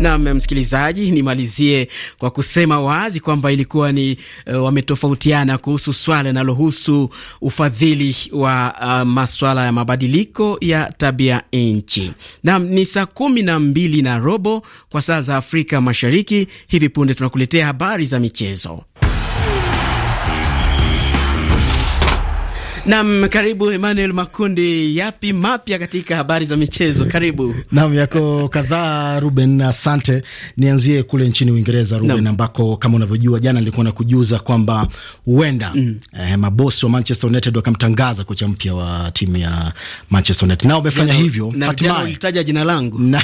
nam msikilizaji, nimalizie kwa kusema wazi kwamba ilikuwa ni uh, wametofautiana kuhusu swala linalohusu ufadhili wa uh, maswala ya mabadiliko ya tabia nchi. nam ni saa kumi na mbili na robo kwa saa za Afrika Mashariki. Hivi punde tunakuletea habari za michezo. Nam, karibu Emmanuel Makundi, yapi mapya katika habari za michezo? Karibu. Nam, yako kadhaa Ruben, asante. Nianzie kule nchini Uingereza Ruben, ambako kama unavyojua jana nilikuwa kujuza kwamba huenda mm. eh, mabosi wa Manchester United wakamtangaza kocha mpya wa timu ya Manchester United na wamefanya hivyo Ulitaja jina langu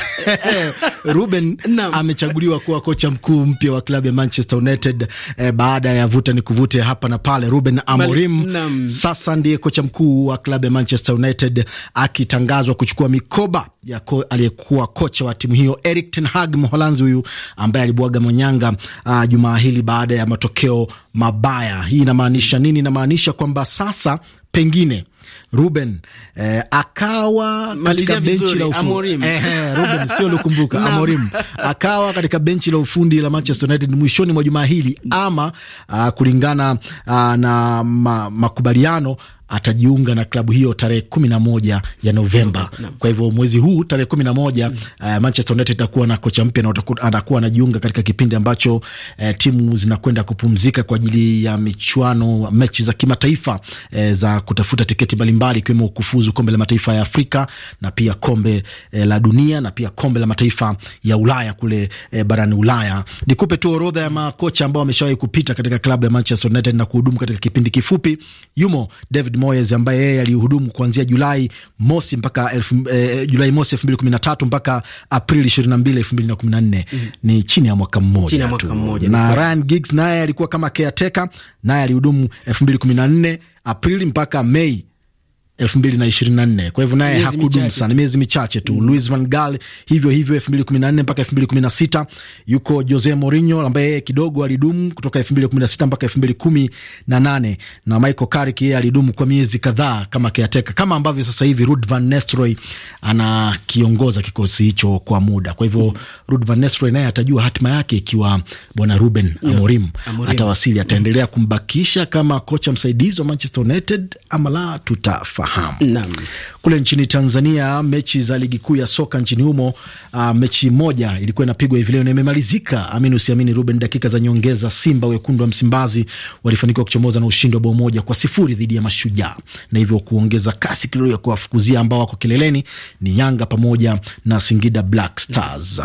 Ruben amechaguliwa kuwa kocha mkuu mpya wa klabu ya Manchester United eh, baada ya vuta ni kuvute hapa na pale. Ruben Amorim sasa ndiye kocha mkuu wa klabu ya Manchester United akitangazwa kuchukua mikoba ya ko, aliyekuwa kocha wa timu hiyo Erik ten Hag, Mholanzi huyu ambaye alibwaga mwanyanga uh, jumaa hili baada ya matokeo mabaya. Hii inamaanisha nini? Inamaanisha kwamba sasa pengine Ruben eh, akawa katika benchi la ufundi eh, eh, Ruben sio lukumbuka Amorim akawa katika benchi la ufundi la Manchester United mwishoni mwa jumaa hili ama, uh, kulingana uh, na ma, makubaliano atajiunga na klabu hiyo tarehe kumi na moja ya Novemba. Kwa hivyo mwezi huu tarehe kumi na moja mm. uh, Manchester United itakuwa na kocha mpya na atakuwa anajiunga katika kipindi ambacho uh, timu zinakwenda kupumzika kwa ajili ya michuano mechi za kimataifa uh, za kutafuta tiketi mechi mbalimbali ikiwemo kufuzu kombe la mataifa ya Afrika na pia kombe eh, la dunia na pia kombe la mataifa ya Ulaya kule eh, barani Ulaya. Nikupe tu orodha ya makocha ambao wameshawahi kupita katika klabu ya Manchester United na kuhudumu katika kipindi kifupi. Yumo David Moyes ambaye yeye alihudumu kuanzia Julai mosi mpaka elfu, eh, Julai mosi elfu mbili kumi na tatu mpaka Aprili ishirini na mbili elfu mbili na kumi na nne mhm. Ni chini ya mwaka mmoja tu na Ryan Giggs naye alikuwa kama caretaker, naye alihudumu elfu mbili kumi na nne Aprili mpaka Mei elfu mbili na ishirini na nne. Kwa hivyo naye hakudumu sana, miezi michache tu. Mm. Luis Van Gaal hivyo hivyo, elfu mbili kumi na nne mpaka elfu mbili kumi na sita. Yuko Jose Mourinho ambaye yeye kidogo alidumu kutoka elfu mbili kumi na sita mpaka elfu mbili kumi na nane na Michael Carrick yeye alidumu kwa miezi kadhaa kama kiateka, kama ambavyo sasa hivi Ruud van Nistelrooy anakiongoza kikosi hicho kwa muda. Kwa hivyo mm. Ruud van Nistelrooy naye atajua hatima yake ikiwa bwana Ruben yeah. Amorim atawasili, mm. ataendelea kumbakisha kama kocha msaidizi wa Manchester United ama la, tutafa kufahamu. Naam. Kule nchini Tanzania, mechi za ligi kuu ya soka nchini humo, uh, mechi moja ilikuwa inapigwa hivi leo na imemalizika, amini usiamini, Ruben, dakika za nyongeza, Simba wekundu wa Msimbazi walifanikiwa kuchomoza na ushindi wa bao moja kwa sifuri dhidi ya Mashujaa na hivyo kuongeza kasi kidogo ya kuwafukuzia ambao wako kileleni ni Yanga pamoja na Singida Black Stars.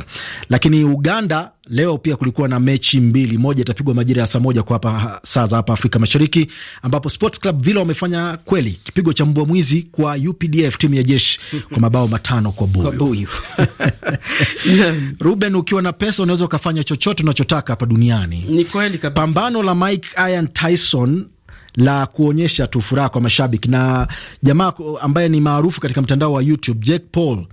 Lakini Uganda Leo pia kulikuwa na mechi mbili, moja itapigwa majira ya saa moja kwa hapa saa za hapa Afrika Mashariki, ambapo Sports Club Villa wamefanya kweli kipigo cha mbwa mwizi kwa UPDF, timu ya jeshi kwa mabao matano kwa buyu. Ruben, ukiwa na pesa unaweza ukafanya chochote unachotaka hapa duniani. Ni kweli kabisa. Pambano la Mike Iron Tyson la kuonyesha tu furaha kwa mashabiki na jamaa ambaye ni maarufu katika mtandao wa YouTube Jake Paul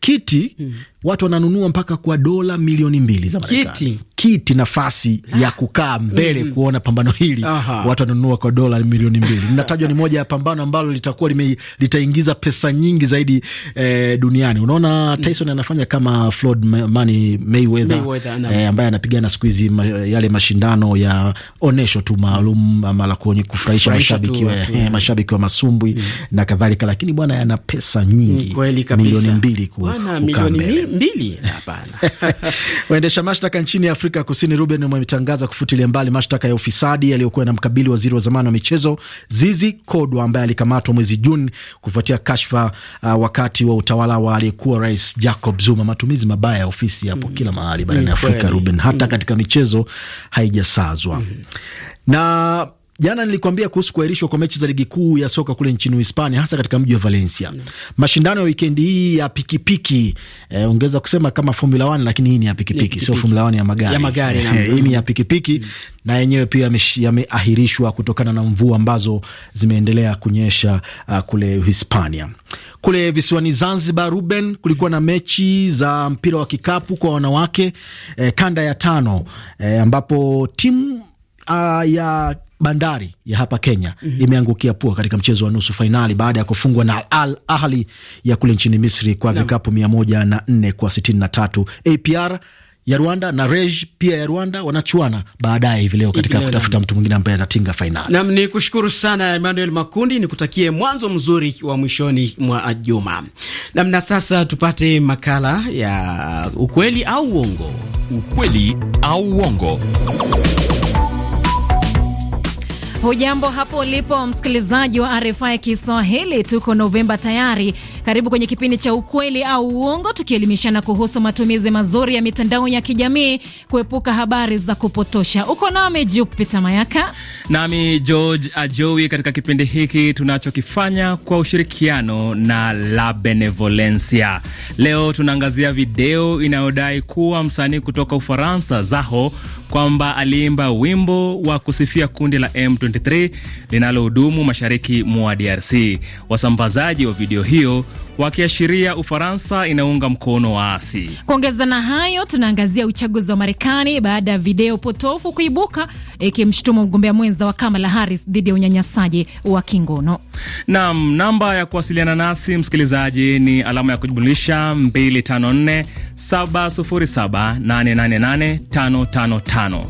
kiti hmm watu wananunua mpaka kwa dola milioni mbili za Marekani kiti, kiti nafasi ya kukaa mbele mm -hmm. kuona pambano hili Aha. watu wananunua kwa dola milioni mbili linatajwa ni moja ya pambano ambalo litakuwa litaingiza pesa nyingi zaidi eh, duniani. Unaona Tyson mm. anafanya kama Floyd Money Mayweather, Mayweather eh, ambaye anapigana siku hizi ma, yale mashindano ya onesho tu maalum ama la kufurahisha mashabiki wa, eh, eh, mashabiki wa masumbwi mm. na kadhalika, lakini bwana yana pesa nyingi mm, milioni mbili kukaa mbele mbili? Hapana. Waendesha mashtaka nchini Afrika Kusini Ruben wametangaza kufutilia mbali mashtaka ya ufisadi yaliyokuwa na mkabili waziri wa zamani wa michezo Zizi Kodwa ambaye alikamatwa mwezi Juni kufuatia kashfa uh, wakati wa utawala wa aliyekuwa rais Jacob Zuma. Matumizi mabaya ya ofisi yapo mm. kila mahali barani mm. Afrika Ruben, hata mm. katika michezo haijasazwa mm. na Jana nilikwambia kuhusu kuahirishwa kwa mechi za ligi kuu ya soka kule nchini Uhispania, hasa katika mji wa Valencia. mm. Mashindano ya wikendi hii ya pikipiki eh, ongeza kusema kama Formula 1 lakini hii ni ya pikipiki, sio Formula 1 ya magari, ya magari eh, na hii ni ya pikipiki mm. na yenyewe pia yameahirishwa kutokana na mvua ambazo zimeendelea kunyesha uh, kule Hispania. Kule visiwani Zanzibar, Ruben, kulikuwa na mechi za mpira wa kikapu kwa wanawake eh, kanda ya tano eh, ambapo timu uh, ya Bandari ya hapa Kenya mm -hmm. imeangukia pua katika mchezo wa nusu fainali baada ya kufungwa na Al Ahli ya kule nchini Misri kwa vikapu mia moja na nne kwa sitini na tatu. APR ya Rwanda na Rej pia ya Rwanda wanachuana baadaye hivi leo katika kutafuta mtu mwingine ambaye anatinga fainali. Nam ni kushukuru sana Emmanuel Makundi, ni kutakie mwanzo mzuri wa mwishoni mwa juma. Nam na sasa tupate makala ya ukweli au uongo, ukweli au uongo. Hujambo hapo ulipo msikilizaji wa RFI Kiswahili, tuko Novemba tayari. Karibu kwenye kipindi cha ukweli au uongo, tukielimishana kuhusu matumizi mazuri ya mitandao ya kijamii kuepuka habari za kupotosha. Uko nami Jupita Mayaka nami George Ajowi katika kipindi hiki tunachokifanya kwa ushirikiano na La Benevolencia. Leo tunaangazia video inayodai kuwa msanii kutoka Ufaransa Zaho kwamba aliimba wimbo wa kusifia kundi la M23 linalohudumu mashariki mwa DRC. Wasambazaji wa video hiyo wakiashiria Ufaransa inaunga mkono waasi. Kuongeza na hayo, tunaangazia uchaguzi wa Marekani baada ya video potofu kuibuka ikimshtuma mgombea mwenza wa Kamala Harris dhidi ya unyanyasaji wa kingono. Naam, namba ya kuwasiliana nasi msikilizaji ni alama ya kujumulisha 254 707 888 555.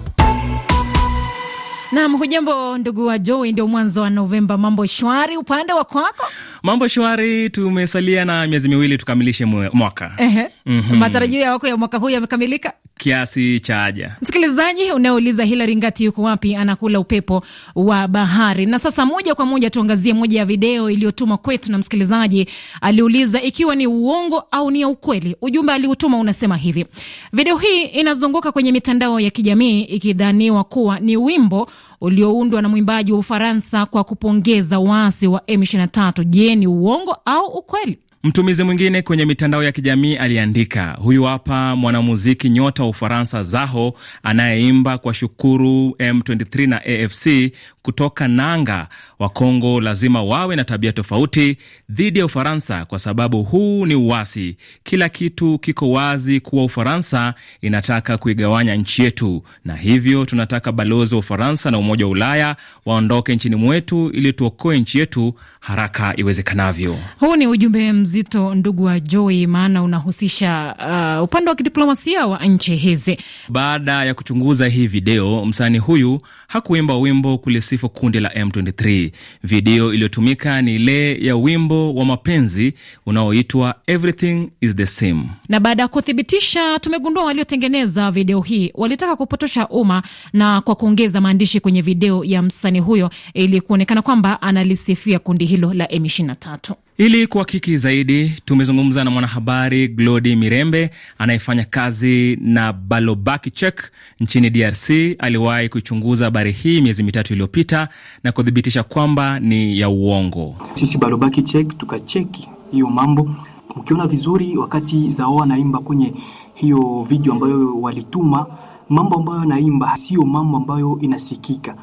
Nam, hujambo ndugu wa Joe, ndio mwanzo wa Novemba. Mambo shwari upande wa kwako? Mambo shwari, tumesalia na miezi miwili tukamilishe mwaka. Ehe. Mm -hmm. Matarajio ya wako ya mwaka huu yamekamilika kiasi cha aja. Msikilizaji unayeuliza Hilari Ngati yuko wapi, anakula upepo wa bahari. Na sasa moja kwa moja tuangazie moja ya video iliyotumwa kwetu na msikilizaji aliuliza ikiwa ni uongo au ni ya ukweli. Ujumbe aliutuma unasema hivi: video hii inazunguka kwenye mitandao ya kijamii ikidhaniwa kuwa ni wimbo ulioundwa na mwimbaji wa Ufaransa kwa kupongeza waasi wa M23. Je, ni uongo au ukweli? Mtumizi mwingine kwenye mitandao ya kijamii aliandika, huyu hapa mwanamuziki nyota wa Ufaransa Zaho anayeimba kwa shukuru M23 na AFC kutoka nanga, Wakongo lazima wawe na tabia tofauti dhidi ya Ufaransa kwa sababu huu ni uasi. Kila kitu kiko wazi kuwa Ufaransa inataka kuigawanya nchi yetu, na hivyo tunataka balozi wa Ufaransa na Umoja wa Ulaya waondoke nchini mwetu ili tuokoe nchi yetu haraka iwezekanavyo. Huu ni ujumbe mzito, ndugu wa Joi, maana unahusisha uh, upande wa kidiplomasia wa nchi hizi. Baada ya kuchunguza hii video, msanii huyu hakuimba wimbo kulisi limeisifu kundi la M23. Video iliyotumika ni ile ya wimbo wa mapenzi unaoitwa Everything is the Same. Na baada ya kuthibitisha, tumegundua waliotengeneza video hii walitaka kupotosha umma na kwa kuongeza maandishi kwenye video ya msanii huyo ili kuonekana kwamba analisifia kundi hilo la M23. Ili kuhakiki zaidi, tumezungumza na mwanahabari Glodi Mirembe anayefanya kazi na Balobaki Chek nchini DRC. Aliwahi kuichunguza habari hii miezi mitatu iliyopita na kuthibitisha kwamba ni ya uongo. Sisi Balobaki Chek tukacheki hiyo mambo. Mkiona vizuri, wakati Zao anaimba kwenye hiyo video ambayo walituma, mambo ambayo anaimba sio mambo ambayo inasikika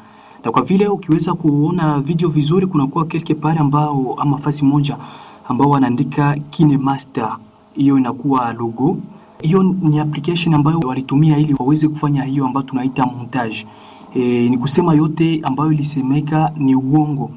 na kwa vile ukiweza kuona video vizuri, kunakuwa kelke pale ambao ama fasi moja ambao wanaandika KineMaster, hiyo inakuwa logo hiyo ni application ambayo walitumia ili waweze kufanya hiyo ambayo tunaita montage. E, ni kusema yote ambayo ilisemeka ni uongo.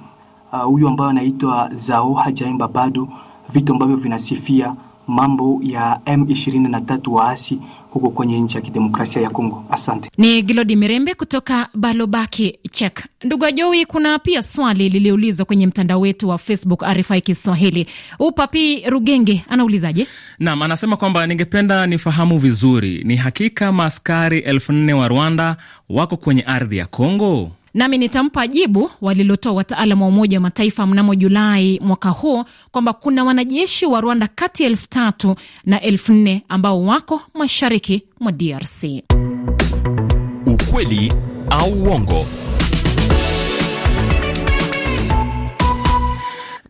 Huyu uh, ambayo anaitwa Zao hajaimba bado vitu ambavyo vinasifia mambo ya M23 waasi huko kwenye nchi ya kidemokrasia ya Kongo. Asante. Ni Gilodi Mirembe kutoka Balobaki, Chek. Ndugu ajoi kuna pia swali liliulizwa kwenye mtandao wetu wa Facebook RFI Kiswahili. Upapi Rugenge anaulizaje? Naam, anasema kwamba ningependa nifahamu vizuri, ni hakika maaskari elfu nne wa Rwanda wako kwenye ardhi ya Kongo? nami nitampa jibu walilotoa wataalam wa Umoja wa Mataifa mnamo Julai mwaka huu kwamba kuna wanajeshi wa Rwanda kati ya elfu tatu na elfu nne ambao wako mashariki mwa DRC. Ukweli au uongo?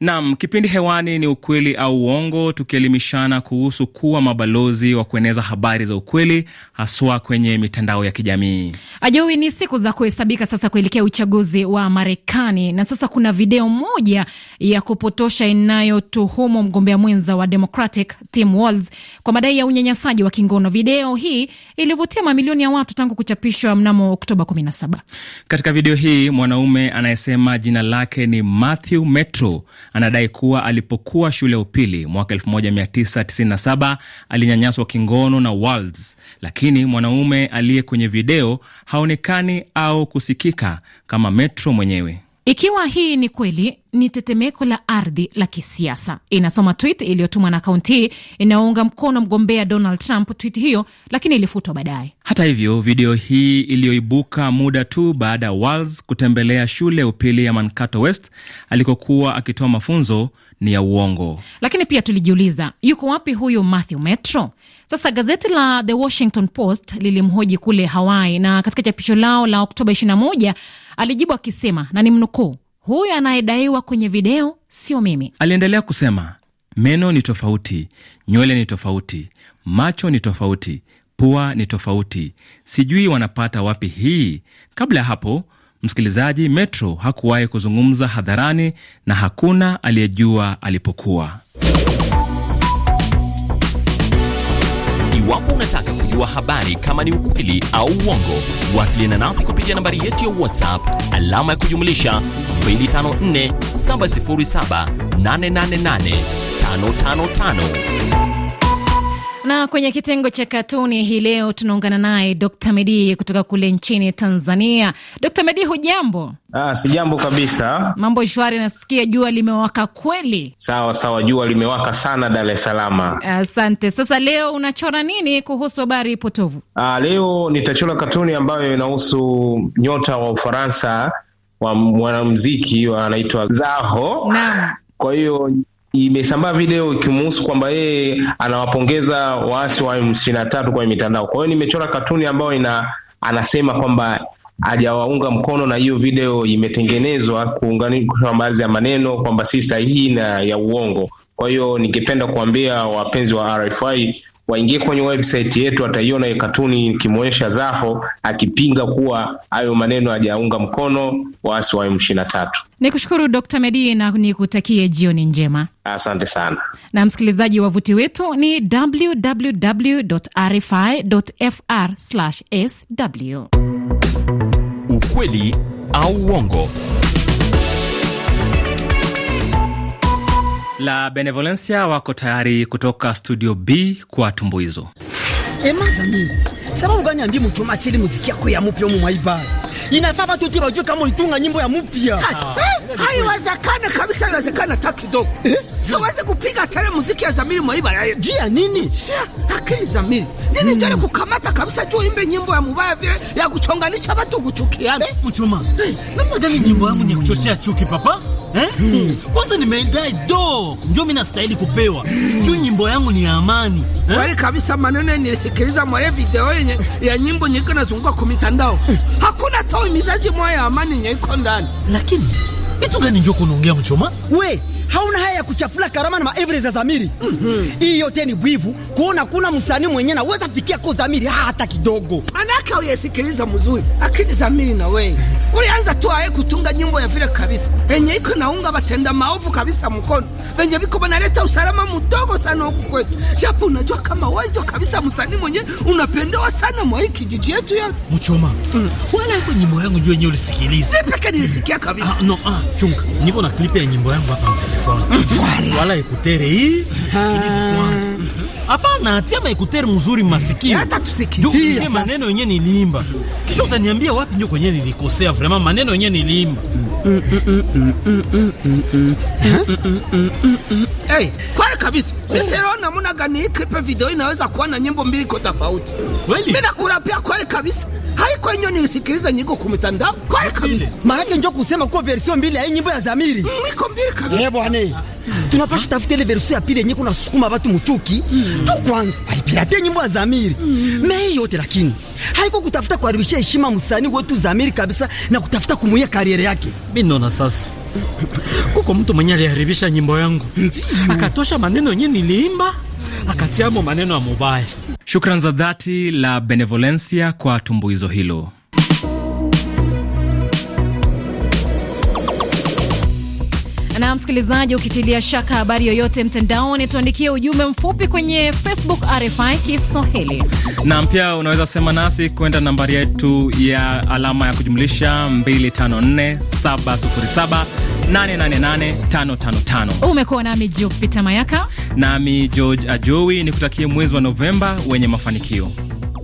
Nam kipindi hewani ni ukweli au uongo, tukielimishana kuhusu kuwa mabalozi wa kueneza habari za ukweli haswa kwenye mitandao ya kijamii. ajui ni siku za kuhesabika sasa kuelekea uchaguzi wa Marekani, na sasa kuna video moja ya kupotosha inayotuhumu mgombea mwenza wa Democratic Tim Walz kwa madai ya unyanyasaji wa kingono. Video hii ilivutia mamilioni ya watu tangu kuchapishwa mnamo Oktoba 17. Katika video hii mwanaume anayesema jina lake ni Matthew Metro anadai kuwa alipokuwa shule ya upili mwaka 1997 alinyanyaswa kingono na Walds, lakini mwanaume aliye kwenye video haonekani au kusikika kama Metro mwenyewe. Ikiwa hii ni kweli, ni tetemeko la ardhi la kisiasa, inasoma tweet iliyotumwa na akaunti hii inayounga mkono mgombea Donald Trump. Tweet hiyo lakini ilifutwa baadaye. Hata hivyo, video hii iliyoibuka muda tu baada ya wals kutembelea shule ya upili ya Mankato West alikokuwa akitoa mafunzo ni ya uongo. Lakini pia tulijiuliza yuko wapi huyu Matthew Metro? Sasa gazeti la The Washington Post lilimhoji kule Hawaii, na katika chapisho lao la Oktoba 21 alijibu akisema, na ni mnukuu, huyu anayedaiwa kwenye video sio mimi. Aliendelea kusema meno ni tofauti, nywele ni tofauti, macho ni tofauti, pua ni tofauti. Sijui wanapata wapi hii. Kabla ya hapo Msikilizaji, Metro hakuwahi kuzungumza hadharani na hakuna aliyejua alipokuwa. Iwapo unataka kujua habari kama ni ukweli au uongo, wasiliana nasi kupitia nambari yetu ya WhatsApp alama ya kujumlisha 254 707 888 555. Na kwenye kitengo cha katuni hii leo tunaungana naye Dr. Medi kutoka kule nchini Tanzania. Dr. Medi, hujambo? Ah, si jambo kabisa. Mambo shwari, nasikia jua limewaka kweli. Sawa sawa, jua limewaka sana Dar es Salaam. Asante. sasa leo unachora nini kuhusu habari potovu? Ah, leo nitachora katuni ambayo inahusu nyota wa Ufaransa wa mwanamuziki anaitwa Zaho. Naam. Kwa hiyo imesambaa video ikimuhusu kwamba yeye anawapongeza waasi wa M23 kwenye mitandao. Kwa hiyo nimechora katuni ambayo ina anasema kwamba hajawaunga mkono na hiyo video imetengenezwa kuunganisha baadhi ya maneno kwamba si sahihi na ya uongo. Kwa hiyo ningependa kuambia wapenzi wa RFI waingie kwenye website yetu, ataiona hiyo katuni ikimwonyesha Zaho akipinga kuwa hayo maneno hajaunga mkono waasi wa M23. Ni kushukuru d Medi na nikutakie jioni njema. Asante sana. Na msikilizaji, wavuti wetu ni www.rfi.fr/sw. Ukweli au uongo la Benevolencia wako tayari kutoka studio B kwa tumbuizo emazani eh, sababu gani ambi matili muziki yako ya mupya umu inafaa watu wote wajue kama ulitunga nyimbo ya mupya Haiwezekana kabisa, haiwezekana hata kidogo. Eh, Siwezi kupiga tena muziki ya Zamiri Mwaiba juu ya nini? lakini Zamiri nini hmm. jana kukamata kabisa juu imbe nyimbo ya mubaya vile ya kuchonganisha watu kuchukiana. mchuma namna gani nyimbo yangu ni kuchochea chuki papa? Hmm. Kwanza nimedai do ndio mi nastahili kupewa mm. Juu nyimbo yangu ni ya amani eh? Kweli kabisa, maneno nilisikiliza mwale video yenye ya nyimbo nyiko nazunguka ku mitandao mm. Hakuna tao mwa ya amani nyeiko ndani, lakini vitu gani ndio kunaongea mchoma we hauna haya ya kuchafula karama na maevre za zamiri mm -hmm. Hii yote ni bwivu kuona kuna msanii mwenye naweza fikia ko zamiri hata kidogo Ana Kaa uyasikiliza mzuri, akili za mili na wewe. Ulianza tu aye kutunga nyimbo ya vile kabisa. Enye iko naunga batenda maovu kabisa mkono. Benye biko banaleta usalama mdogo sana huku kwetu. Japo unajua kama wanjo kabisa msanii mwenye unapendewa sana mwa hiki kijiji yetu ya Mchoma. Mm. Wala iko nyimbo yangu jua yenyewe ulisikiliza. Si peke nilisikia kabisa. Ah, no, ah, chunga. Niko na clip ya nyimbo yangu hapa kwa telefoni. Mm. Wala ikutere hii. Sikiliza kwanza. Ah. Hapana, atia maekuteri mzuri masikio. Hata tusikie maneno yenyewe nilimba. Kisha utaniambia wapi ndio kwenye nilikosea, vraiment maneno yenyewe nilimba. Hey, Kweli kabisa, misiliona Munagani iklipe video inaweza kuwa na nyimbo mbili iko tofauti. Mimi nakurapia kweli kabisa, haiko enyo nisikilize nyiko kumitandao kweli kabisa. Maraki njo kusema kuwa versio mbili ya nyimbo ya Zamiri mm, iko mbili kabisa. Hebo eh, hane. tunapasha tafuta ile versio ya pili nyiko na sukuma batu mchuki mm. tu, kwanza alipirate nyimbo ya Zamiri mm. meyi yote lakini haiko kutafuta kuharibisha heshima msanii wetu Zamiri kabisa na kutafuta kumuia kariere yake. Mimi naona sasa kuko mtu mwenye aliharibisha nyimbo yangu akatosha maneno yenyewe niliimba akatiamo maneno ya mubaya. Shukrani za dhati la Benevolencia kwa tumbuizo hilo. Na msikilizaji, ukitilia shaka habari yoyote mtandaoni, tuandikie ujumbe mfupi kwenye Facebook RFI Kiswahili, na pia unaweza sema nasi kwenda nambari yetu ya alama ya kujumlisha 254707 Umekuwa nami Jupita Mayaka nami George Ajowi, ni kutakie mwezi wa Novemba wenye mafanikio.